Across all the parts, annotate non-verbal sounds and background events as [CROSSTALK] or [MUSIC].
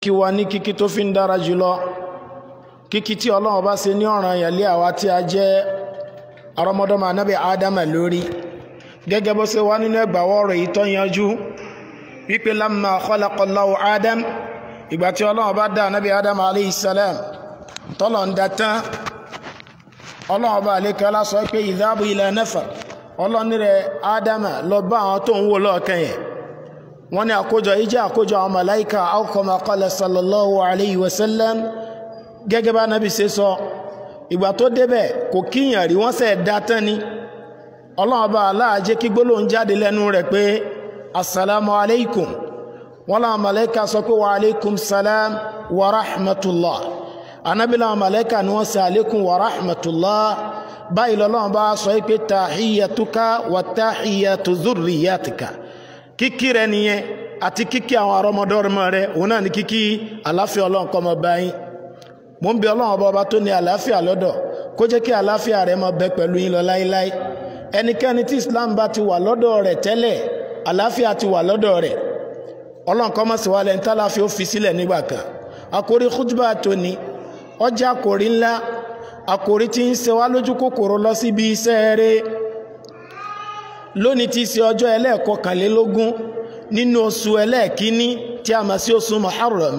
kí wa ní kíkí tó fi ń dára jùlọ kíkí tí ọlọ́run bá ṣe ní ọ̀ràn yẹ̀lé àwa tí a jẹ́ àrọ́mọdọ́mọ anábì ádámà lórí gẹ́gẹ́ bó ṣe wá nínú ẹgbàwọ́ ọ̀rọ̀ yìí tó yanjú wípé lamma khalaqallahu ádám ìgbà tí ọlọ́run bá dá anábì ádámà alayhi salam tọ́lọ̀ ń datán ọlọ́run bá àlékè ọlá sọ pé idhab ila nafar ọlọ́run ádámà lọ bá àwọn tó ń wò lọ́ọ̀kẹ́yìn wọ́n ní àkójọ ìjẹ́ àkójọ àwọn màláíkà alkọmọ akọ́lẹ̀ sallallahu alayhi wa sallam gẹ́gẹ́ bá nábi ṣe sọ ìgbà tó débẹ̀ kò kíyàn rí wọ́n sẹ̀ dá tán ni ọlọ́ọ̀bá aláàjẹ́ kí gbólóhùn jáde lẹ́nu rẹ̀ pé assalamu wọ́n láwọn màláíkà sọ kíkí rẹ nìyẹn àti kíkí àwọn àrọmọdọ́rọmọ rẹ òun náà ní kíkí àláfíà ọlọ́run kó máa bá yín mo ń bi ọlọ́run ọba ọba tó ní àláfíà lọ́dọ̀ kó jẹ́ kí àláfíà rẹ máa bẹ pẹ̀lú yín lọ láéláé ẹnikẹ́ni tí Islam bá ti wà lọ́dọ̀ rẹ̀ tẹ́lẹ̀ àláfíà ti wà lọ́dọ̀ rẹ̀ ọlọ́run kó máa sì wà lẹ́ni tálàfíà ó fi sílẹ̀ nígbà kan àkórí khutba tòní ọjà àkórí ńlá àkórí tí ń ṣe wá lójú kòkòrò lọ síbi iṣẹ́ rẹ̀ lónìí ti ṣe ọjọ́ ẹlẹ́ẹ̀kọkànlélógún nínú oṣù ẹlẹ́ẹ̀kíní tí a mọ̀ sí oṣù muharram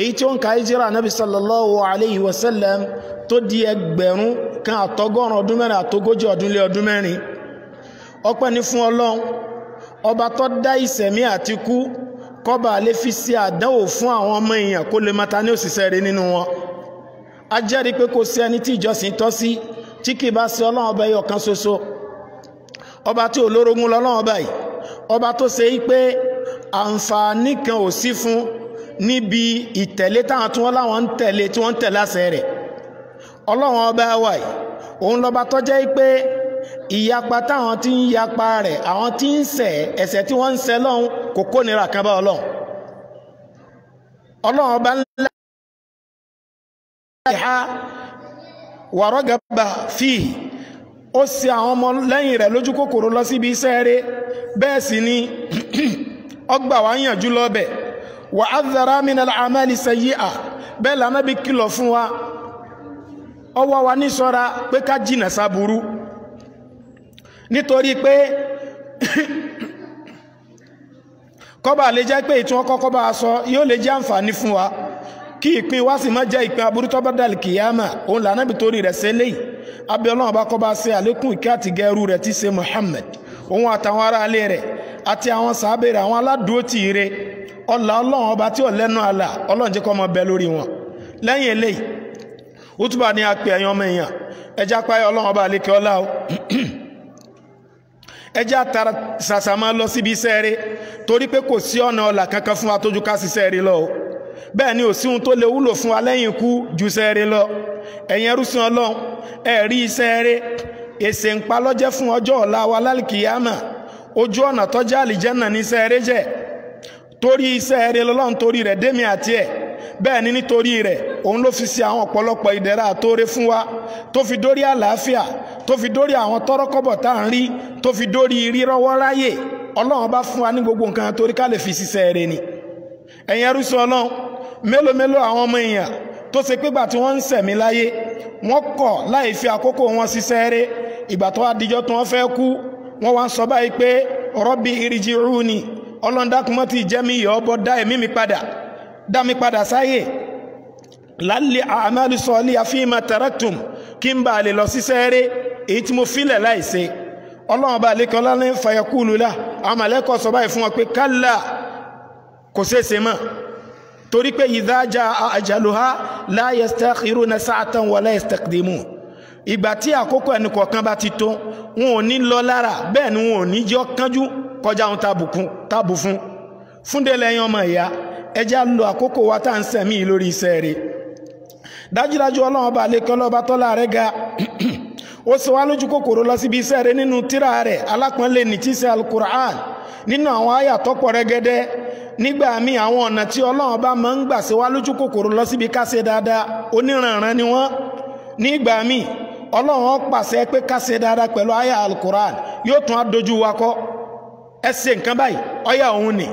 èyí tí ó ń ka ìjírà nábi sallallahu alayhi wa sallam tó di ẹgbẹ̀rún kan àtọgọ́rùn ọdún mẹ́rin àtogójì ọdún lé ọdún mẹ́rin ọpẹ́ ni fún ọlọ́run ọba tó dá ìṣẹ̀mí àti kú kọba lè fi ṣe àdánwò fún àwọn ọmọ èèyàn kó lè mata ní òṣìṣẹ́ rẹ nínú wọn a jẹ́rìí pé kò sí ẹni tí ìjọsìn tọ́ sí tí kì bá ṣe ọlọ́run ọba ẹyọ kan ṣoṣo ọba tí olórogún lọ́lọ́wọ́ báyìí ọba tó ṣe pé àǹfààní kan ò sí fún níbi ìtẹ̀lé táwọn tí wọ́n láwọn ń tẹ̀lé tí wọ́n ń tẹ̀lé àṣẹ rẹ̀ ọlọ́wọ́n ọba wà yìí òun lọ́ba tó jẹ́ pé ìyapa táwọn tí ń yapa rẹ̀ àwọn tí ń ṣẹ̀ ẹ̀ṣẹ̀ tí wọ́n ń ṣẹ̀ lọ́hùn kò kó kan bá ọlọ́run ọlọ́run ọba ńlá ìhá fíì ó ṣe àwọn ọmọ lẹ́yìn rẹ̀ lójú kòkòrò lọ síbi iṣẹ́ rẹ̀ bẹ́ẹ̀ sì ni ọgbà [CLEARS THROAT] wa ń yànjú lọ́bẹ̀ wà á zara minal amali sayyi'a bẹ́ẹ̀ lànà bí kìlọ̀ fún wa ọwọ́ wa ní ṣọ́ra pé ká jìnà sáburú nítorí pé [CLEARS THROAT] kọ́bà lè jẹ́ pé ìtún ọkọ̀ kọ́bà sọ yóò lè jẹ́ àǹfààní fún wa kí ìpín wa sì má jẹ́ ìpín aburú tọ́bọ̀dàlì kìyàmà òun lànà bí torí rẹ̀ sẹ́lẹ̀yìí abẹ́ ọlọ́run bá kọ́ bá ṣe àlékún ìkẹ́ àtìgẹ́ ẹrú rẹ̀ tí Muhammad òun àtàwọn aráalé rẹ̀ àti àwọn sàábẹ̀ rẹ̀ àwọn aládùúró tì í re ọlá ọlọ́run ọba tí ò lẹ́nu àlà ọlọ́run jẹ́ kó máa bẹ lórí wọn lẹ́yìn eléyìí útùbà ni a pè ẹ̀yàn ọmọ èèyàn ẹjẹ́ apáyé ọlọ́run ọba àlékè ọlá o ẹjẹ́ àtàrà sàṣàmọ́ lọ síbi iṣẹ́ rẹ̀ torí pé kò sí ọ̀nà ọ̀là kankan fún wa tójú ká ṣiṣẹ́ rẹ̀ lọ o bẹ́ẹ̀ ni ò sí ohun tó lè wúlò fún wa lẹ́yìn ikú ju sẹ́ẹ̀rẹ́ lọ ẹ̀yin ẹrúsìn ọlọ́run ẹ̀rí sẹ́ẹ̀rẹ́ èsè ń pa lọ́jẹ́ fún ọjọ́ ọ̀la wa lálìkìyàmà ojú ọ̀nà tọ́jú àlìjẹ́nà ní sẹ́ẹ̀rẹ́ jẹ́ torí sẹ́ẹ̀rẹ́ lọ́lọ́run torí rẹ̀ démi àti ẹ̀ bẹ́ẹ̀ ni nítorí rẹ̀ òun ló fi ṣe àwọn ọ̀pọ̀lọpọ̀ ìdẹ̀ra àtóore fún wa tó fi dórí àlàáfíà tó fi dórí àwọn tọ́rọ́kọ́bọ̀ tá à ń rí tó fi dórí rírọ́wọ́ ráyè ọlọ́run bá fún wa ní gbogbo nǹkan torí ká lè fi ṣiṣẹ́ rẹ̀ ni ẹ̀yin ẹrú sí ọlọ́run mélòó mélòó àwọn ọmọ èèyàn tó ṣe pé gbà tí wọ́n ń sẹ̀mí láyé wọ́n kọ̀ láì fi àkókò wọn ṣiṣẹ́ eré ìgbà tó wá dijọ́ tí wọ́n fẹ́ kú wọ́n wá ń sọ báyìí pé Rabbi irji'uni ọlọ́run dákúmọ́ ti jẹ́ mi yọ̀ ọbọ̀ dá ẹ̀mí mi padà dá mi padà sáyè lálẹ́ àmàlù sọ́ọ́lì àfihàn taraktum kí n bá lè lọ ṣiṣẹ́ eré èyí tí mo filẹ̀ láì ọlọ́run bá lè kọ́ lálẹ́ fàyẹ̀kú lula àmàlẹ́kọ̀ sọ báyìí fún wọn pé kálá kò sése mọ́ torí pé ìdájà àjàlùhá la yastakhiruna sa'atan wa la yastaqdimun ìgbà tí àkókò ẹnì kọ̀ọ̀kan bá ti tó wọn ò ní lọ lára bẹ́ẹ̀ ni wọn ò ní jọ kánjú kọjá ohun tábù fún fúndélẹ́yìn ọmọ ìyá ẹjá lo àkókò wa tá à ń sẹ̀mí lórí iṣẹ́ rẹ̀ dájúdájú ọlọ́run ọba àlekẹ́ ọlọ́ba tọ́lá rẹ̀ ga ó sì wá lójú kòkòrò lọ síbi iṣẹ́ rẹ̀ nínú tírà rẹ̀ alápọ̀nlé ní tíṣẹ́ alukur'an nínú àwọn àyà tọ́pọ̀ rẹ́gẹ́dẹ́ nígbà míì àwọn ọ̀nà tí ọlọ́run bá máa ń gbà ṣe wá lójú kòkòrò lọ síbi ká dáadáa ni wọ́n nígbà míì ọlọ́run pàṣẹ pé ká dáadáa pẹ̀lú àyà alukoran yóò tún adójú wa kọ́ ẹ nǹkan báyìí ọyà òun ni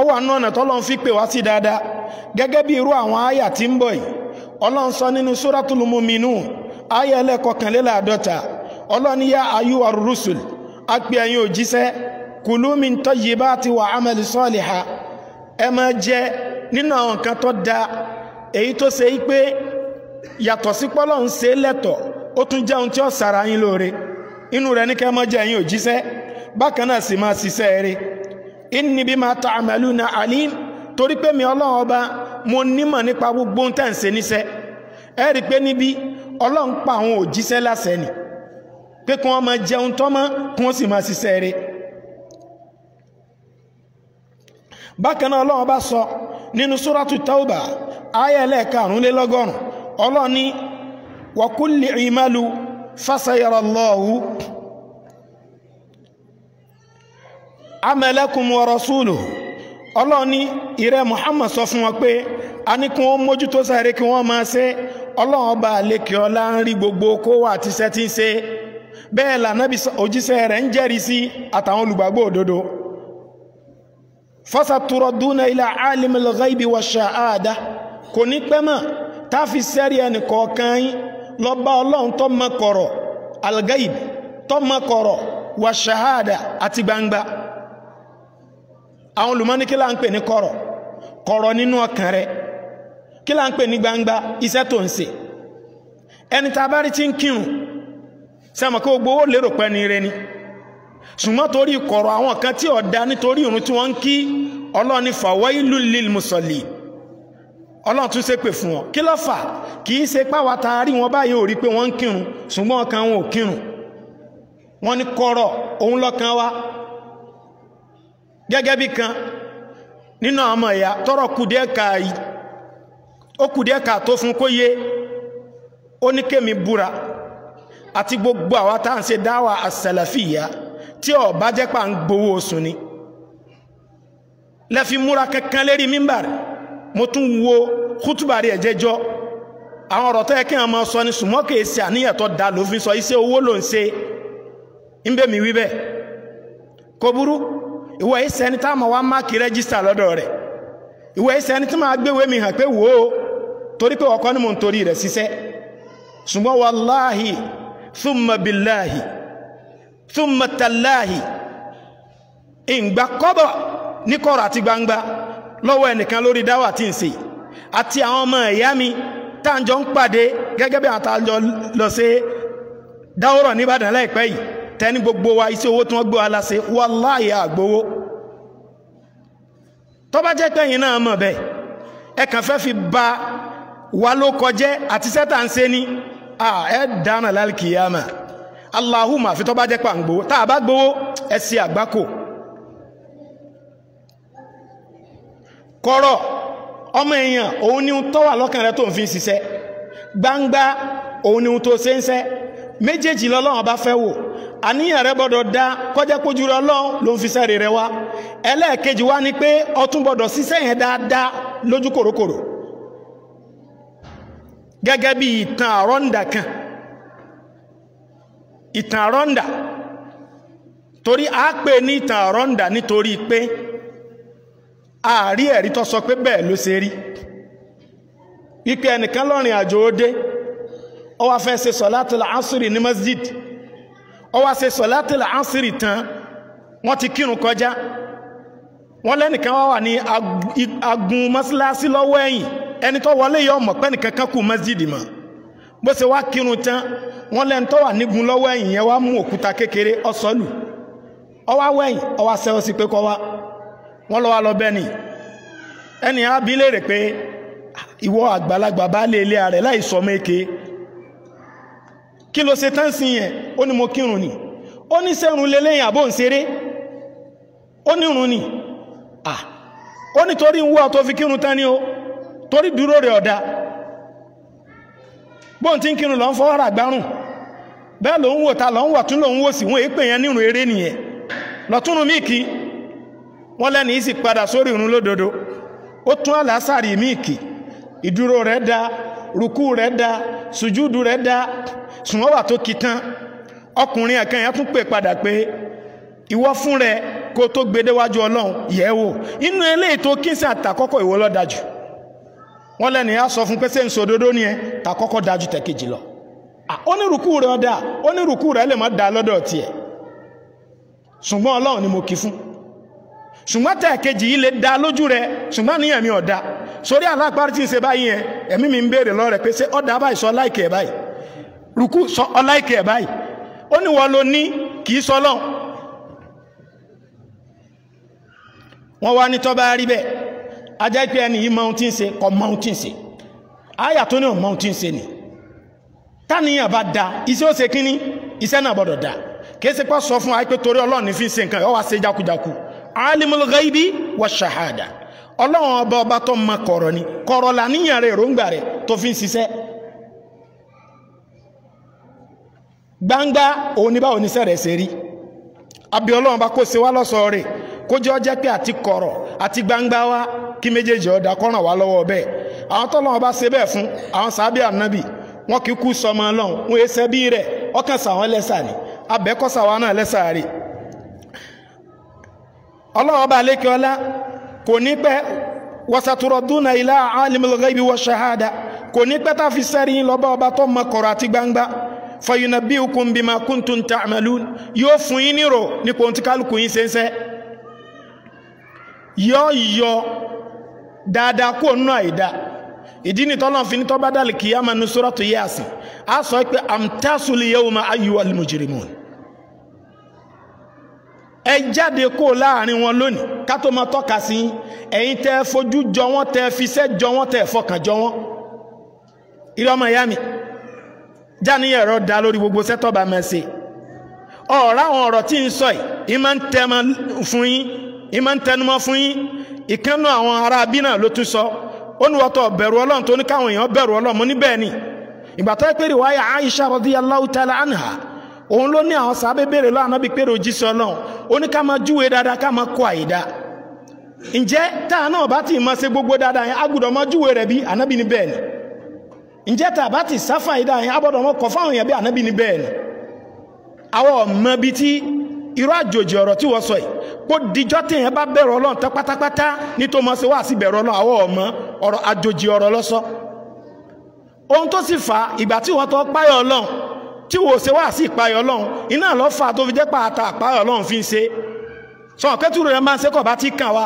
ọwọ́ àánú ọ̀nà tọ́lọ́run fi pè wá sí dáadáa gẹ́gẹ́ bí irú àwọn tí ń bọ̀ yìí ọlọ́run sọ nínú kulu min tayyibati wa amali saliha ẹ máa jẹ nínú àwọn nǹkan tó da èyí tó ṣe pé yàtọ̀ sí pọ́lọ́ ń ṣe lẹ́tọ̀ ó tún jẹun tí ó sara yín lóore inú rẹ̀ ní kẹ́ máa jẹ yín òjíṣẹ́ bákan náà sì máa ṣiṣẹ́ rẹ̀ inni bima ta'maluna alim torí pé mi ọlọ́run ọba mo nímọ̀ nípa gbogbo tẹ̀ ń ṣe níṣẹ́ ẹ rí i pé níbi ọlọ́run pa àwọn òjíṣẹ́ láṣẹ ni pé kí wọ́n máa jẹun tọ́mọ́ kí wọ́n sì máa ṣiṣẹ́ rẹ̀ bákan náà ọlọ́run bá sọ nínú suratu tauba aya ẹlẹ́ẹ̀karùnlélọ́gọ́rùn ọlọ́run ní wa kulli imalu fasayara Allahu ọrọ wa rasuluhu ọlọ́run ní Muhammad sọ fún wọn pé a ní kí mójútó sáré kí máa ṣe ọlọ́run ọba àlekè ọlá ń gbogbo kówó tí ń ṣe bẹ́ẹ̀ lànà òjíṣẹ́ rẹ̀ ń jẹ́rìí sí àtàwọn fasaturaduna ila alim al-ghaibi wa sha'ada kò ní pẹ́ mọ́ tá fi sẹ́rí ẹnì kọ̀ọ̀kan yín lọ bá ọlọ́run tó mọ kọ̀rọ̀ al-ghaib tó mọ kọ̀rọ̀ wa sha'ada àti gbangba àwọn olùmọ́ni kí là ń pè ní kọ̀rọ̀ kọ̀rọ̀ nínú ọkàn rẹ kí là ń pè ní gbangba iṣẹ́ tó ń ṣe ẹni tá a bá rí tí ń kírun sẹ́mọ̀ kí gbogbo lérò pẹ́ ni ire ni ṣùgbọ́n torí kọ̀rọ̀ àwọn kan tí ọ̀dá nítorí ìrun tí wọ́n ń kí ọlọ́ni fàwáìlú lil musalli ọlọ́run tún ṣépè fún wọn kí ló fà kì í ṣe páwa ta rí wọn báyìí ò rí pé wọ́n ń kírun ṣùgbọ́n ọkàn wọn ò kírun wọ́n ní kọ̀rọ̀ òun lọ́kàn wa gẹ́gẹ́ bí kan nínú àwọn ẹ̀yà tọrọ kùdíẹ̀ka ó tó fún kó yé ó ní kémi búra àti gbogbo àwa tá à ń ṣe dáwà àsàlàfíyà tí ó bá jẹ́ pà ń gbowó oṣù ni lẹ́fi múra kankan lérí mímbà rẹ̀ mo tún wo kútùbà rí ẹ̀jẹ̀jọ́ àwọn ọ̀rọ̀ tó yẹ kí wọ́n máa sọ ní sùmọ́ kìí ṣe àníyàn tó da ló fi sọ iṣẹ́ owó ló ń ṣe ń bẹ̀ mí wí bẹ́ẹ̀ kò burú ìwọ ìṣẹ́ ẹni táwọn wá máàkì rẹ́gísítà lọ́dọ̀ rẹ̀ ìwọ ìṣẹ́ ẹni tí máa gbéwèé mi hàn pé wò ó torí pé ọkọ ni mo ń torí rẹ̀ ṣiṣẹ́ ṣùgbọ́n wàláhì thumma billahi thumma tallahi ìgbà kọ́bọ̀ ní kọ̀rọ̀ àti gbangba lọ́wọ́ ẹnìkan lórí dáwà tí ń ṣe àti àwọn ọmọ ẹ̀yà mi táàjọ ń pàdé gẹ́gẹ́ bí àwọn táàjọ lọ sí dáwọ́rọ̀ nìbàdàn láìpẹ́ yìí tẹ́ni gbogbo wa iṣẹ́ owó tí wọ́n gbé wa láṣẹ wallahi àgbowó tó bá jẹ́ pẹ́yìn náà mọ̀ bẹ́ẹ̀ ẹ kàn fẹ́ fi ba wa ló kọjẹ́ àti sẹ́tà ń ṣe ni ẹ dáná lálùkìyàmà. Ah, Allahumma àfi tó bá jẹ́ pàǹgbò tá a bá gbowó ẹ sí àgbákò kọ́rọ̀ ọmọ èèyàn òun ni tó wà lọ́kàn rẹ tó ń fi ṣiṣẹ́ gbangba òun ni tó ṣe ń ṣẹ́ méjèèjì lọ́lọ́run bá fẹ́ wò àníyàn rẹ gbọ́dọ̀ dá kọjá pójú rẹ ọlọ́run ló ń fi sẹ́rì rẹ wá ẹlẹ́ẹ̀kejì wá ni pé ọtún gbọ́dọ̀ ṣiṣẹ́ yẹn dáadáa lójú kòrókòrò gẹ́gẹ́ bí ìtàn àrọ́ǹdà kan ìtàn àrọ́ǹdà torí a pè ní ìtàn àrọ́ǹdà nítorí pé ààrí ẹ̀rí tó sọ pé bẹ́ẹ̀ ló ṣe rí wípé ẹnìkan lọ́rin àjò òde ó wá fẹ́ ṣe sọ̀látìlà ánsìrì ní masjid ó wá ṣe sọ̀látìlà ánsìrì tán wọ́n ti kírun kọjá wọ́n lẹ́nìkan wá wà ní agun mọ́síláṣí lọ́wọ́ ẹ̀yìn ẹni tó wọlé yọ ọmọ pẹ́nìkan kan kù masjid mọ́ bó ṣe wá kírun tán wọ́n lẹ́nu tó nígun lọ́wọ́ ẹ̀yìn yẹn wá mú òkúta kékeré ọ̀sọ́lù ọwá wẹ̀yìn ọwá sẹ́wọ́ sí pé kọ́wá wọ́n lọ́wọ́ lọ bẹ́ẹ̀ ni ẹni á bí léèrè pé ìwọ àgbàlagbà bá lé ilé rẹ̀ láì sọ méke kí ló ṣe tán sí yẹn ó ní mo kírun ni ó ní sẹ́run lélẹ́yìn ń ó ní ni à ó ní torí ń wọ́ tó fi kírun tán ni ó torí dúró rẹ̀ ọ̀dà bóun ti ń kírun ún bẹ́ẹ̀ ló ń wò ta lọ ń wà tún lòun wò sí wọn èépè yẹn nírun eré nìyẹn lọ́túnrún míìkì wọ́n lẹ́nu yìí sì padà sórí ìrun lódodo ó tún àlásàrì míìkì ìdúró rẹ̀ da rukú rẹ̀ da sùjúdù rẹ̀ da sùnwọ́n wà tó kì ọkùnrin ẹ̀kan yẹn tún pè padà pé fún rẹ kó tó ọlọ́run yẹ̀ wò inú eléyìí tó kí sí àtàkọ́kọ́ wọ́n lẹ́nu sọ fún pé Ah, onírùkú rẹ̀ ọ̀dà onírùkú rẹ̀ lè má da lọ́dọ̀ tiẹ̀ ṣùgbọ́n ọlọ́run ni mo kí fún ṣùgbọ́n tẹ̀ kejì yìí lè da lójú rẹ̀ ṣùgbọ́n níyàn mi ọ̀dà sórí aláàpárí tí ń ṣe báyìí yẹn ẹ̀mí mi ń béèrè lọ́rẹ̀ pé ṣé ọ̀dà báyìí sọ láìkẹ́ báyìí rùkú sọ ọláìkẹ́ báyìí ó ní wọ́n lo ní kì í sọ lọ́n wọ́n wá ní tọ́ bá rí bẹ́ẹ̀ ajá ìpẹ́ ẹni yìí mountain ohun tí ṣe kò mọ ṣe àyà tó ní ò mọ ṣe nìyí táníyàn bá da iṣẹ́ ó ṣe kínní iṣẹ́ náà gbọ́dọ̀ da kìí ṣe sọ fún wa torí ọlọ́run ní fi ṣe nǹkan ọwọ́ ṣe jákujáku shahada ọlọ́run ọba ọba tó mọ ni kọ̀rọ̀ là níyàn rẹ̀ èròǹgbà rẹ̀ tó fi ń ṣiṣẹ́ gbangba òun ní báwo níṣẹ́ rẹ̀ ṣe rí àbí ọlọ́run bá kó ṣe wá lọ́sọ̀ọ́ rẹ̀ kó jẹ́ ọjẹ́ pé àti kọ̀rọ̀ àti wa kí méjèèjì ọ̀dà kọ́ràn wá lọ́wọ́ fún àwọn ànábì wọn kì í kú sọmọ ọlọ́run wọn èsẹ́ bí rẹ̀ ọkàn sàwọn lẹ́sà ni abẹ́kọ́sà wa náà lẹ́sà rè ọlọ́wọ́ bá lékè ọlá kò ní pẹ́ wasaturaduna ila alimul ghaibi wa shahada kò ní pẹ́ tá fi sẹ́rí yín ọba tó mọ kọ̀rọ̀ àti gbangba fayunabbiukum bima kuntum ta'malun yóò fún yín nírò nípa ohun tí kálukú yín ṣe ń yọ dáadáa kó nù àìdáa ìdí ni tọ́lọ́n fi ní tọ́ bá dàlì kìí àmà ní suratu Yasin a sọ pé amtasul yawma ayyuhal mujrimun ẹ jáde kó láàrin wọn lónìí ká tó máa tọ́ka sí ẹ̀yin tẹ́ fojú jọ wọ́n tẹ́ fiṣẹ́ jọ wọ́n tẹ́ fọkàn jọ wọ́n ilé ọmọ ìyá mi jáníyàn ẹ̀rọ da lórí gbogbo sẹ́tọ̀ bá máa ṣe ọ̀rá àwọn ọ̀rọ̀ tí ń sọ yìí máa ń tẹnumọ́ fún yín ìkànnù àwọn ará abínà ló tún sọ Onuwatɔ ní wọ́tọ̀ bẹ̀rù ọlọ́run tó ní káwọn èèyàn mo ní ni Aisha radiyallahu ta'ala anha òun ló ní àwọn sábẹ́ béèrè lọ́wọ́ àná bí pé òjíṣẹ́ ọlọ́run ó ní ká máa júwe dáadáa ká máa kọ àìdá ǹjẹ́ táà náà bá ti máa gbogbo dáadáa yẹn agbọ́dọ̀ máa júwe rẹ̀ bí ànábì ní ni bá ti sáfà yẹn máa kọ fáwọn irú àjòjì ọ̀rọ̀ tí wọ́n sọ yìí kó dijọ́ téèyàn bá bẹ̀rù ọlọ́run tán pátápátá ní tó mọ̀ sí wá sí bẹ̀rù ọlọ́run àwọn ọmọ ọ̀rọ̀ àjòjì ọ̀rọ̀ ló sọ ohun tó sì fà ìgbà tí wọ́n tó páyọ̀ ọlọ́run tí wò ṣe wá sí ìpáyọ̀ ọlọ́run iná ló fà tó fi jẹ́ pàtà àpáyọ̀ ọlọ́run fi ń ṣe sọ̀rọ̀ kẹ́tùrú rẹ̀ máa ń ṣe kọ̀ bá ti kàn wá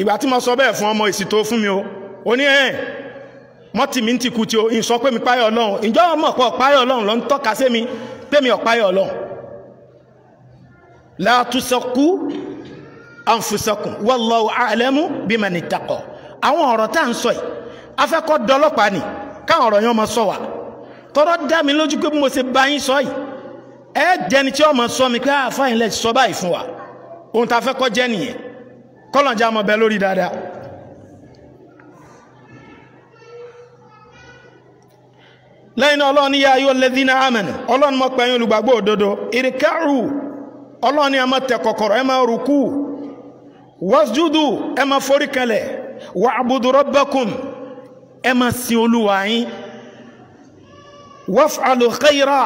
ìgbà tí mo sọ bẹ́ẹ̀ fún ọmọ ìsìtò fún mi o ó ẹ̀ mọ́tì mi ń ti kú tí o ìsọ pé mi páyọ̀ ọlọ́run ìjọ ọmọ ọ̀pọ̀ páyọ̀ ọlọ́run ló ń tọ́ka sí mi pé mi ọ̀páyọ̀ ọlọ́run látúnṣọkú àǹfùṣọkùn wallahu a'lamu bimani ttaqo àwọn ọ̀rọ̀ tá à ń sọ yìí afẹ́kọ́ dọlọ́pàá ni káwọn ọ̀rọ̀ yẹn ọmọ sọ wà tọ́rọ́ dá mi lójú pé mo ṣe bá yín sọ yìí ẹ jẹni tí ọmọ sọ mi pé àfáyín ah, lẹ sọ báyìí fún wa ohun tá afẹ́kọ́ jẹ́ nìyẹn kọ́lọ̀jà mọ̀ bẹ lórí dáadáa lẹ́yìn náà ọlọ́run yá ayọ́ lẹ́dínà amẹ́nà ọlọ́run mọ́ pẹ̀yìn olùgbàgbọ́ òdodo ìrìkẹ́rù ọlọ́run ẹ máa tẹ̀ kọ̀kọ̀rọ̀ ẹ máa rùkú wọ́sjúdù ẹ máa forí kalẹ̀ wà àbùdù rọ́bẹ́kùn ẹ máa sin olúwa yín wọ́f àlùkẹ́yìrà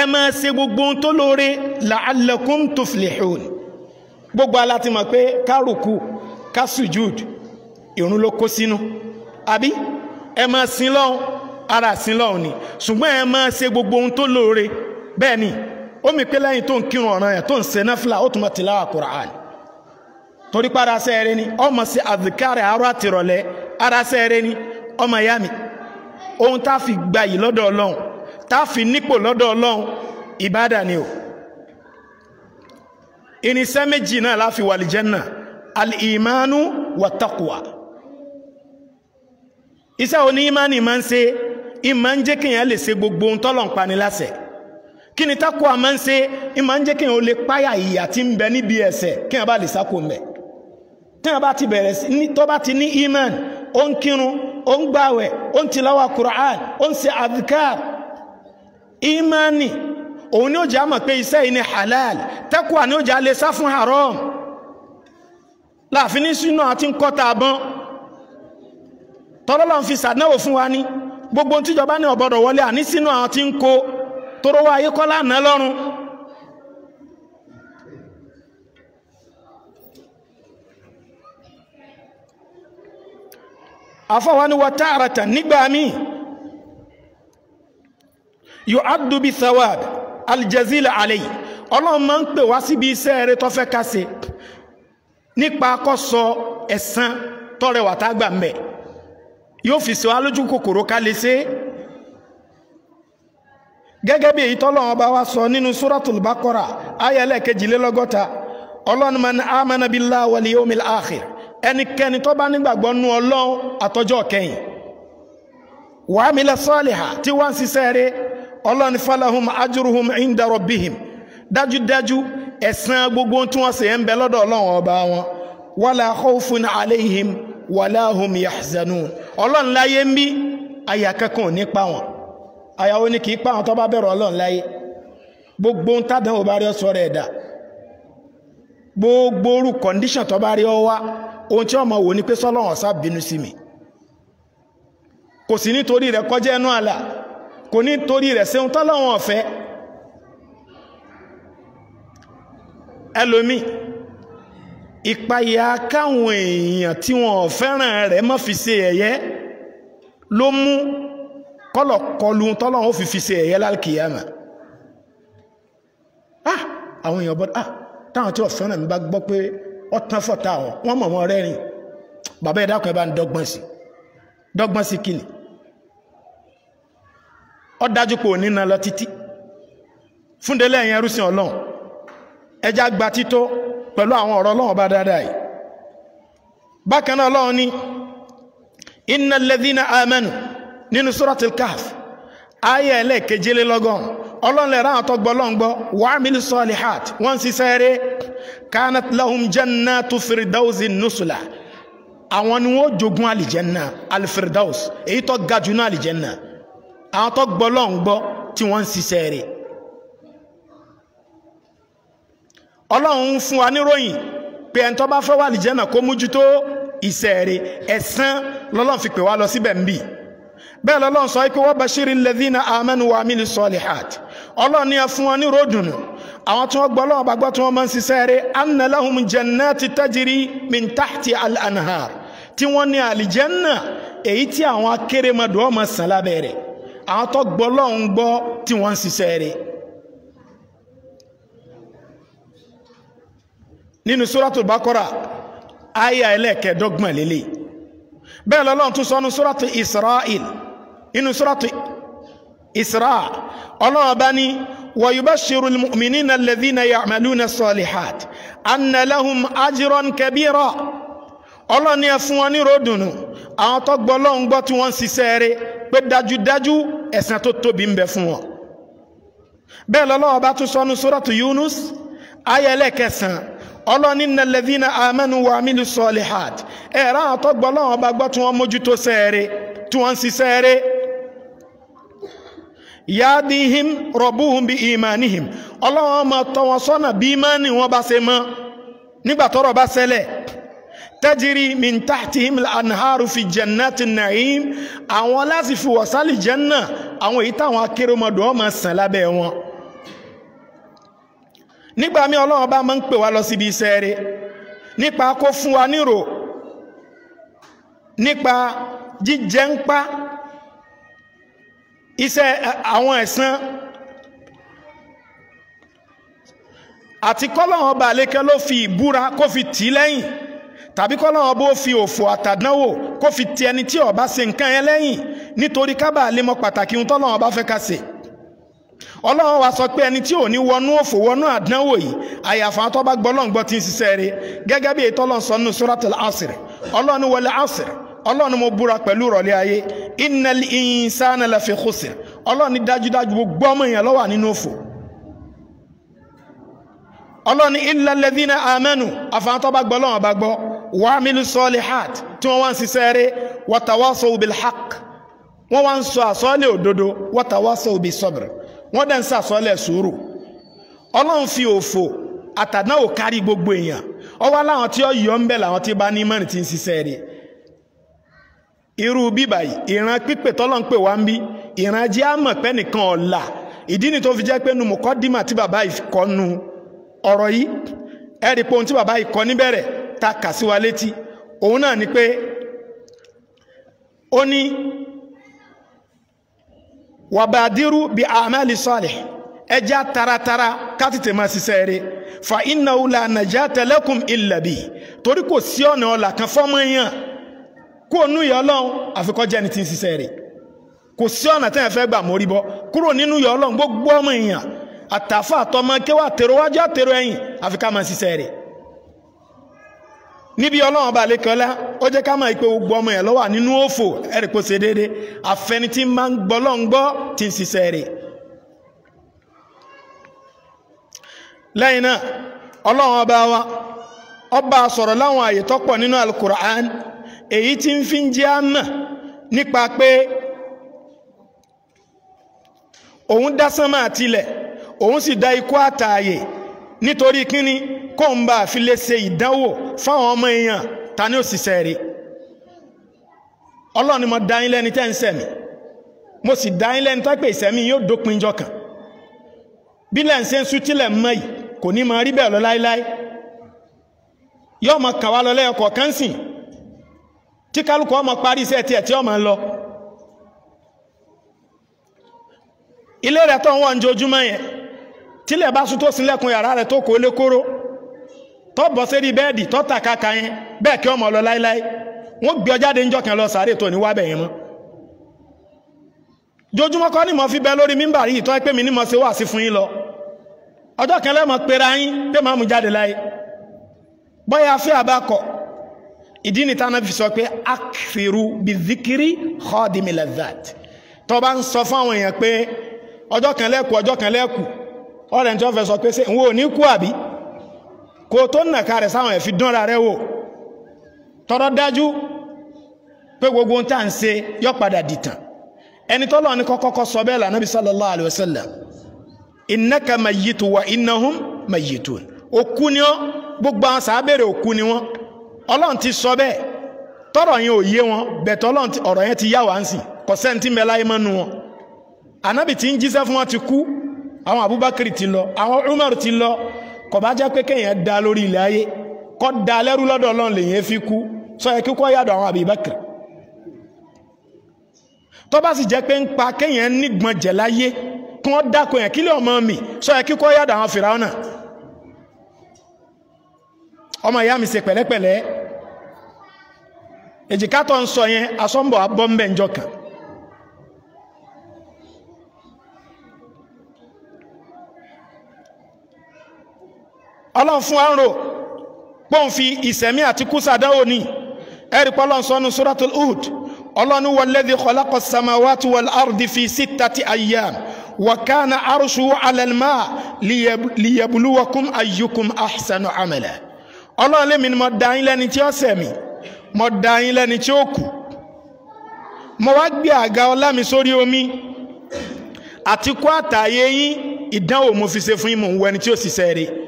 ẹ máa ṣe gbogbo ohun tó lóore làálẹ̀kùn tuflihun gbogbo aláti mọ̀ pé ká rùkú ká sùjúd ìrun ló kó sínú àbí ẹ máa sin lọ́hùn ara àsìnlọ́run ni ṣùgbọ́n ẹ máa ṣe gbogbo ohun tó lóore bẹ́ẹ̀ ni ó mi pé lẹ́yìn tó ń kírun ọ̀ràn ẹ̀ tó ń ṣe náfìlà ó tún máa tìláwà Qur'an torí pé ara sẹ́ẹ̀rẹ́ ni ọmọ sí àdìkárẹ̀ arọ́ àtìrọ̀lẹ́ ara sẹ́ẹ̀rẹ́ ni ọmọ ìyá mi ohun tá a fi gbayì lọ́dọ̀ Ọlọ́run tá a fi nípò lọ́dọ̀ Ọlọ́run ìbádà ni o irinṣẹ́ méjì náà la fi wà lìjẹ́nà al-imanu wa iṣẹ́ oní máa ń ṣe ìmọ̀ ń jẹ́ kéèyàn lè ṣe gbogbo ohun tọ́lọ̀ ń pani láṣẹ kí ni tako àmọ́ ń ṣe ìmọ̀ ń jẹ́ kéèyàn ó lè páyà ìyà tí ń bẹ níbi ẹ̀ṣẹ̀ kéèyàn bá lè sáko mẹ́ téèyàn bá ti bẹ̀rẹ̀ sí tó bá ti ní iman ó ń kírun ó ń gbàwẹ̀ ó ń tilawa Qur'an ó ń ṣe adhkar imani òun ni ó jẹ́ àmọ̀ pé iṣẹ́ yìí ni halal tako àni ó jẹ́ alẹ́ sá fún haram láàfin ní sínú àti ń kọ́ta àbọ̀n tọ́lọ́lọ́ fi ṣàdánwò fún wa ni gbogbo tíjọba ní ọ̀bọ̀dọ̀ wọlé àní sínú àwọn tí ń kó torówó ayé kọ́ lánàá lọ́rùn afọ́wá ni wọ́n tààràtà nígbà míì yu'addu bi thawab aljazil alayhi ọlọ́run máa ń pè wá síbi iṣẹ́ eré tó fẹ́ nípa kó sọ ẹ̀san tọrẹ yóò fi sí wa lójú kòkòrò ká lè ṣe gẹ́gẹ́ bí èyí tọ́lọ́wọ́n bá wa sọ nínú suratul baqara ayẹlẹ́ kejìlélọ́gọ́ta ọlọ́run man amana billahi wal yawmil akhir ẹnikẹ́ni tó bá nígbàgbọ́ nú ọlọ́run àtọjọ́ kẹyìn wa amila saliha tí wọ́n ń ṣiṣẹ́ rẹ̀ ọlọ́run falahum ajruhum inda rabbihim dájúdájú ẹ̀san gbogbo tí wọ́n ṣe ń bẹ lọ́dọ̀ ọlọ́run ọba wọn wala khawfun alayhim wala hum yahzanun ọlọ́run láyé ń bí àyà kankan ò ní pa wọn àyà ó ní kì í pa wọn tó bá bẹ̀rù ọlọ́run láyé gbogbo ń tàdánwò bá rí ọsọ rẹ̀ dà gbogbo orú kọ̀ndíṣàn tó bá rí ọ wá ohun tí ọmọ wò ni pé sọ́lọ́run sá bínú sí mi kò sí nítorí rẹ̀ kọjá ẹnu àlà kò nítorí rẹ̀ ṣeun tọ́lọ́run ọ̀fẹ́ ẹlòmíì ìpayà káwọn èèyàn tí wọn fẹ́ràn rẹ̀ mọ́ fi ṣe ẹ̀yẹ ló mú kọlọ̀kọlù tọ́lọ́run ó fi fi ṣe ẹ̀yẹ lálkìyàmà ah àwọn èèyàn bọ́dọ̀ ah táwọn tí wọ́n fẹ́ràn mi bá gbọ́ pé ọ tán fọ̀tà ọ̀ wọ́n mọ̀ mọ́ rẹ́rìn bàbá ẹ̀ dákun ẹ̀ bá ń dọ́gbọ́n sí dọ́gbọ́n sí kìnnì ọ dájú pé òní na lọ títí fúndélé ẹ̀yẹn rúsìn ọlọ́run ẹja gba tító pẹ̀lú àwọn ọ̀rọ̀ ọlọ́run bá dáadáa yìí bákan náà ọlọ́run ní innal ladhina amanu nínú suratul Kahf ayé ẹlẹ́ẹ̀kejìlélọ́gọ́rùn ọlọ́run lè ráhàn tó gbọ́ ọlọ́run gbọ́ wa amilu salihat wọ́n sì sẹ́rẹ́ kanat lahum jannatu firdausi nusula àwọn ni wọ́n jogun alìjẹ́nà alfirdaus èyí tó ga náà alìjẹ́nà àwọn tó gbọ́ tí wọ́n ń ṣiṣẹ́ ọlọ́run ń fún wa níròyìn pé ẹni tó bá fẹ́ wà lìjẹ́nà kó mójútó ìṣẹ̀rẹ̀ ẹ̀san lọ́lọ́run fi pè wá lọ síbẹ̀ ń bì bẹ́ẹ̀ lọ́lọ́run sọ pé wọ́n bashiril ladhina amanu wa amilus solihat ọlọ́run ni ẹ fún wọn nírò dùnú àwọn tí wọ́n gbọ́ ọlọ́run bá gbọ́ tí wọ́n máa ń ṣiṣẹ́ rẹ̀ anna lahum jannati tajri min tahti al-anhar tí wọ́n ní àlìjẹ́nà èyí tí àwọn akérèmọdò ọmọ sàn lábẹ́ rẹ̀ àwọn tó gbọ́ ọlọ́run gbọ́ tí wọ́n ń ṣiṣẹ́ rẹ̀ nínú suratul Baqara àyà ẹlẹ́ẹ̀kẹ́dọ́gbọ̀n lélẹ̀ bẹ́ẹ̀ lọ́lọ́run tún sọ nínú suratul Isra'il nínú suratul Isra ọlọ́run bá ní wa yubashshiru al-mu'minina alladhina ya'maluna as-salihat anna lahum ajran kabira ọlọ́run ní ẹ fún wọn ní ròdùnú àwọn tó gbọ́ lọ́hùn gbọ́ tí wọ́n ń ṣiṣẹ́ rere pé dájúdájú ẹ̀san tó tóbi ń bẹ fún wọn bẹ́ẹ̀ lọ́lọ́run bá tún sọ nínú Yunus àyà án ọlọ́ni nàlẹ́dínà amẹ́nu wa mílù sọ́ọ̀lìhàt ẹ̀rọ àwọn tó gbọ́ lọ́wọ́ bá gbọ́ tí wọ́n mójútó sẹ́ẹ̀rẹ́ tí wọ́n ń ṣiṣẹ́ rẹ́ yádìhìm rọ̀bùhùn bí ìmánìhìm ọlọ́wọ́n máa tọ́ wọn sọ́nà bí ìmánì wọn bá ṣe mọ́ nígbà tọ́rọ̀ bá ṣẹlẹ̀ tẹ́jìrì min tahtihim anharu fi jannati na'im àwọn láti wọ̀sálì jẹ́nà àwọn èyí táwọn akérèmọdò ọmọ sàn lábẹ́ wọn nígbà míì ọlọ́run bá máa ń pè wá lọ síbi iṣẹ́ rẹ̀ nípa kó fún wa nírò nípa jíjẹ ń pa iṣẹ́ àwọn ẹ̀san àti kọ́lọ́run ọba àlékẹ́ ló fi ìbúra kó fi tì í lẹ́yìn tàbí kọ́lọ́run bó fi òfò àtàdánwò kó fi ti ẹni tí ó bá ṣe nǹkan yẹn lẹ́yìn nítorí ká bàa lè pàtàkì ohun tọ́lọ́run bá fẹ́ ká ṣe ọlọ́run wa sọ pé ẹni tí ò ní wọnú òfò wọnú àdánwò yìí àyàfà tó bá gbọ́ lọ́n gbọ́ tí ń ṣiṣẹ́ rẹ̀ gẹ́gẹ́ bí ètò ọlọ́run sọ nínú suratul asr ọlọ́run wọlé asr ọlọ́run mo búra pẹ̀lú ìrọ̀lẹ́ ayé innal insana lafi khusr ọlọ́run dájúdájú gbogbo ọmọ èèyàn ló wà nínú òfò ọlọ́run illa alladhina amanu àfàwọn tó bá gbọ́ lọ́wọ́n bá gbọ́ wa amilu solihat tí wọ́n wá ń ṣiṣẹ́ rẹ̀ wa tawasaw bil haqq wọ́n wá ń sọ àsọ́ọ́lẹ̀ òdodo wa tawasaw bis sabr wọ́n dẹ̀ ń sàsọ́lẹ̀ sùúrù ọlọ́run fi òfò àtàdánwò kárí gbogbo èèyàn ọwọ́ láwọn tí ó yọ ń bẹ̀ làwọn tí bá ní mẹ́rin tí ń ṣiṣẹ́ rẹ̀ irú bíbà yìí ìran pípè tọ́lọ́ ń pè wá ń bí ìran jẹ́ àmọ̀ pẹ́ nìkan ọ̀la ta kà sí wa létí òun náà wàbàdírú bí àmàlì sọ́ọ̀lẹ̀ ẹjá taratara ká tètè máa ṣiṣẹ́ rẹ̀ fa iná wula nàjà tẹlẹkùn ìlẹ̀bì torí kò sí ọ̀nà ọ̀là kan fọ́mọ yàn kó o nú ìyá ọlọ́run àfikọ́jẹ́ ni ti ń ṣiṣẹ́ rẹ̀ kò sí ọ̀nà tẹ́yàn fẹ́ gbà mórí bọ́ kúrò nínú ìyá ọlọ́run gbogbo ọmọ èèyàn àtàfà àtọmọ kéwà tèrò wájú àtèrò ẹ̀yìn àfi máa ṣiṣẹ́ rẹ̀ níbi ọlọ́run ọba àlékọ́lá ó jẹ́ ká mọ̀ pé gbogbo ọmọ ẹ̀ ló nínú òfò ẹ̀rì kò ṣe déédéé àfẹni tí máa ń gbọ́ lọ́n gbọ́ tí ń ṣiṣẹ́ lẹ́yìn náà ọlọ́run ọba wa ọba sọ̀rọ̀ láwọn àyè tọ́pọ̀ nínú alukur'an èyí tí ń fi ń jẹ́ àmà nípa pé òun dá sánmà òun sì dá ikú àtààyè nítorí kíni. kó ń bá fi lè ṣe ìdánwò fáwọn ọmọ èèyàn ta ni ó sì sẹ́ẹ̀rí ọlọ́run ni mo dá yín lẹ́ni tẹ́ ń sẹ̀mí mo sì dá yín lẹ́ni tẹ́ pé ìsẹ̀mí yóò dópin jọ kàn bí lẹ́ ń ṣe ń sútílẹ̀ mọ́ yìí kò ní máa rí bẹ́ẹ̀ lọ láéláé yóò máa kàn wá lọ lẹ́yọkọ̀ kan tí kálukú ọmọ parí iṣẹ́ tiẹ̀ tí ọmọ ń lọ ilé rẹ̀ tó ń wọ́n ń jojúmọ́ yẹn tílẹ̀ bá sún tó sílẹ̀kùn yàrá rẹ̀ tó kó lé kóró tó bọ́ sérí bẹ́ẹ̀dì tó tàka kayin bẹ́ẹ̀ kí ọmọ lọ láíláí wọ́n gbé ọ jáde ńjọ́ kan lọ sàárè tó ní wábẹ̀ yẹn mọ́ jojúmọ́ kọ́ ni mo fi bẹ lórí mímbà rí ìtọ́ pé mi ní mo ṣe wà sí fún yín lọ ọjọ́ kan lẹ́mọ̀ pera yín pé máa mú jáde láyé bọ́yá fẹ́ àbákọ̀ ìdí ni tánà fi sọ pé akfiru bizikiri khadimi lazat tó bá ń sọ fún àwọn èèyàn pé ọjọ́ kan lẹ́kù ọjọ́ kan lẹ́kù ọ̀rẹ́ ní sọ pé ṣé n ò ní kú àbí kó tó nàka rẹ̀ sáwọn ẹ̀fi dánra rẹ̀ wò tọ́rọ dájú pé gbogbo ń tà ń ṣe yọ padà dìtàn ẹni tọ́lọ́ ní kọ́kọ́kọ́ sọ bẹ́ẹ̀ lànà bí sallallahu alayhi wa sallam innaka mayyitu wa innahum mayyitun òkú ni ọ́ gbogbo àwọn sàábẹ̀rẹ̀ òkú ni wọ́n ọlọ́run ti sọ bẹ́ẹ̀ tọ́rọ̀ yẹn ò yé wọn bẹ̀tọ̀ ọlọ́run ọ̀rọ̀ yẹn ti yá wá ń sìn kọ̀sẹ́ni tí ń mọ́nu wọn ànábì tí ń jíṣẹ́ fún wọn ti kú àwọn Abubakar ti lọ àwọn Umar ti lọ kò bá jẹ́ pé kéèyàn da lórí ilẹ̀ ayé kọ́ da lẹ́rú lọ́dọ̀ ọlọ́run lèyìn fi kú sọ yẹ kíkọ́ yàdọ̀ àwọn àbíbákìrì tó bá sì jẹ́ pé ń pa kéèyàn nígbọn jẹ̀ láyé kí wọ́n dákò yẹn kílẹ̀ ọmọ mi sọ yẹ kíkọ́ yàdọ̀ àwọn fìràwọ̀nà ọmọ ìyá mi ṣe pẹ̀lẹ́pẹ̀lẹ́ èjìká tó ń sọ yẹn asọ́nbọ̀ abọ́ńbẹ̀ ń jọ kàn ọlọ́run fún wa ń rò pọ́n fi ìsẹ̀mí àti kúsàdánwò ní ẹ̀rí pọ́lọ́n sọ́nu suratul Hud ọlọ́run huwa alladhi khalaqa as-samawati wal ardi fi sittati ayyam wa kana arshu ala al-ma' liyabluwakum ahsanu amala ọlọ́run lèmi ni mo yín lẹ́ni tí ó sẹ̀mí mo dá yín lẹ́ni tí ó kù mo wá gbé àga ọlá mi sórí omi àti kó àtàyè yín ìdánwò mo fi ṣe fún yín mò ń wẹni tí ó sì sẹ́ẹ̀rẹ̀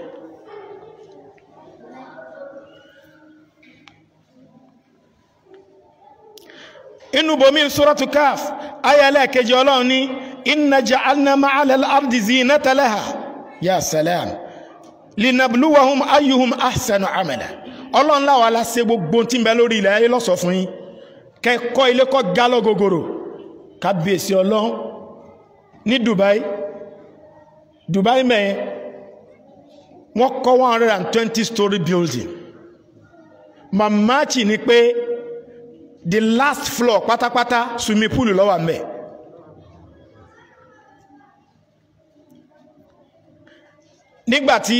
inú bomi suratu kaf ayálẹ̀ kejì ọlọ́run ní inna ja'alna ma'ala al-ardi zinata laha ya salam linabluwahum ayyuhum ahsanu amala ọlọ́run láwa la ṣe gbogbo tí ń bẹ lórí ilẹ̀ ayé lọ́sọ̀ fún yín kẹ́kọ́ ilé kọ́ gálọ́ gogoro kábíyèsí ọlọ́run ní Dubai Dubai mẹ́yẹn wọ́n kọ́ one hundred and twenty story building mamachi ni pé the last floor pátápátá swimming pool ló wà ńbẹ̀ nígbàtí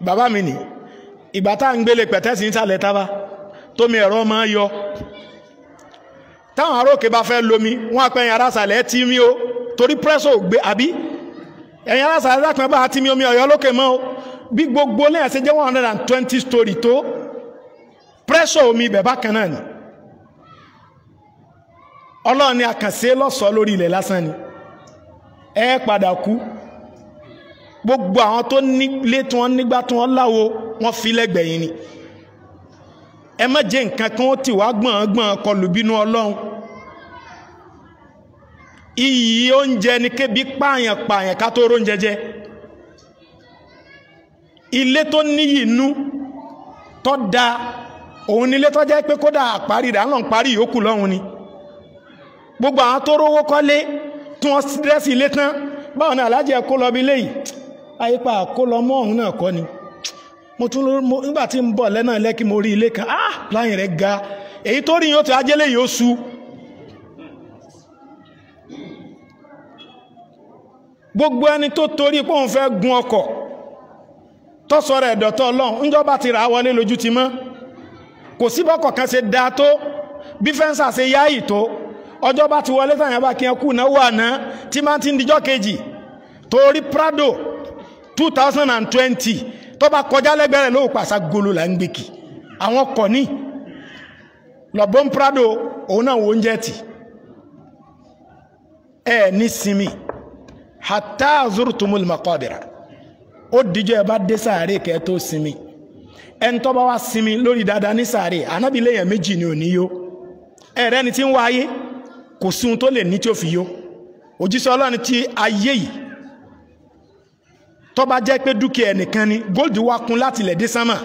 bàbá mi ní ìgbà tá à ń gbélé pẹ̀tẹ́sì nísàlẹ̀ tábà tómi ẹ̀rọ máa yọ táwọn aróòkè bá fẹ́ lomi wọ́n á pẹ́ ẹ̀yìn arásàlẹ̀ tí mi o torí pírẹ́sọ̀ ò gbé àbí ẹ̀yìn arásàlẹ̀ dápẹ́ bá a ti mi omi ọ̀yọ́ lókè mọ́ o bí gbogbo lẹ́yìn ṣe jẹ́ one hundred and twenty story tó pressure omi ibẹ̀ bákan náà ni ọlọ́run ni àkànṣe lọ́sọ̀ọ́ lórí ilẹ̀ lásán ni ẹ padà kú gbogbo àwọn tó nílé tí wọ́n nígbà tí wọ́n láwo wọ́n fi lẹ́gbẹ̀yìn ni ẹ má jẹ́ nǹkan kan ó ti wá gbọ̀ngbọ̀n kọlù bínú ọlọ́run iyì oúnjẹ ni kébi pààyàn pààyàn ká tó róúnjẹ jẹ ilé tó níyì inú tó dáa òun nílé tó jẹ́ pé kódà àparí rẹ̀ àlọ́ ń parí ìyókù lọ́hùn ni gbogbo àwọn tó rówó kọ́lé tí wọ́n dẹ́sí ilé tán báwọn náà alájẹ kó lọ bí léyìí ayípa kó lọ mọ́ ọ̀hún náà kọ́ ni mo tún nígbà tí ń bọ̀ lẹ́nà lẹ́kí mo rí ilé kan ah pláyìn rẹ̀ ga èyí tó rí yóò tó ajé léyìí ó su gbogbo ẹni tó torí pé òun fẹ́ gun ọkọ̀ tọ́sọ̀rọ̀ ẹ̀dọ̀tọ̀ ọlọ́run ńjọba ti rà á wọlé lójú ti mọ́ kò sí bọ́kọ̀ kan ṣe dáa tó bí fẹ́ǹsà ṣe yáàyì tó ọjọ́ bá ti wọlé tàyàn bá kí ẹ kú náwó àná tí máa ti ń dijọ́ kejì torí Prado 2020 tó bá kọjá lẹ́gbẹ̀rẹ̀ ló pàṣà golo là ń gbé kì àwọn kọ̀ ní lọ́bọ̀n Prado òun náà wò ń jẹ́ tì ẹ ní sinmi hatta zurtumul maqabira ó dijọ́ ẹ bá dé sàárè kẹ́ tó sinmi ẹni tó bá wá sinmi lórí dáadáa ní sàárè ànábì léèyàn méjì ni ò ní yó ẹ̀rẹ́ ni tí ń wá ayé kò sí ohun tó lè ní tí ó fi yó òjíṣẹ́ ọlọ́run ti ayé yìí tó bá jẹ́ pé dúkìá ẹnìkan ni gold wá kún láti ilẹ̀ dé sánmà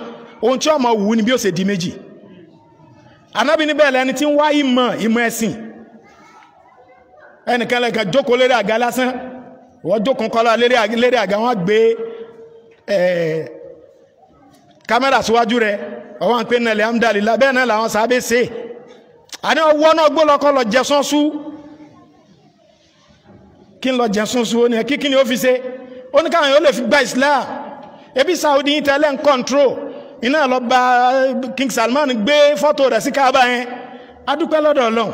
ohun tí ọmọ wù ni bí ó ṣe di méjì ànábì níbẹ̀ lẹni tí ń wá ìmọ̀ ìmọ̀ ẹ̀sìn ẹnìkan lẹ́ka jókòó lérí àga lásán wọ́n jókòó kọ́lá lérí àga wọ́n gbé kámẹ́rà síwájú rẹ̀ ọwọ́n pé nàlẹ́ amdali lábẹ́ náà làwọn sábẹ́ ṣe àní ọwọ́ náà gbó lọ́kọ́ lọ jẹ sọ́nsú kí n lọ jẹ sọ́nsú ó ní ẹ ni ó fi ṣe ó yóò lè fi gba Islam ebi Saudi yìí tẹ́lẹ̀ ń kọ́ńtró iná lọ ba eh, King Salman gbé fọ́tò rẹ̀ sí Kaaba yẹn adúpẹ́ lọ́dọ̀ Ọlọ́run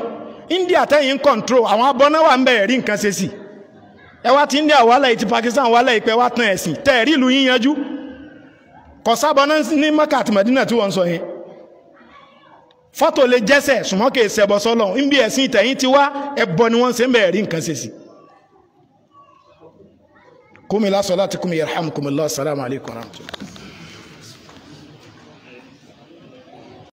India tẹ́yìn ń kọ́ńtró àwọn abọ́ náà wà ń bẹ̀rẹ̀ rí nǹkan ṣe sí ẹ wá ti India wàhálà yìí ti Pakistan wàhálà yìí pẹ́ wá tán ẹ̀sìn tẹ̀ rí ìlú yín yanjú kò sábà náà ní Mẹ́kà àti Mẹ́dínà tí wọ́n ń sọ yẹn fọ́tò lè jẹ́sẹ̀ ṣùgbọ́n kì í ṣẹbọ sọ́lọ̀ ń bí ẹ̀sìn ìtẹ̀yìn ti wá ẹbọ ni wọ́n ṣe ń bẹ̀rẹ̀ rí nǹkan ṣe sí kúmi lásọ̀lá ti kúmi yarhamukumullah assalamu alaikum warahmatullahi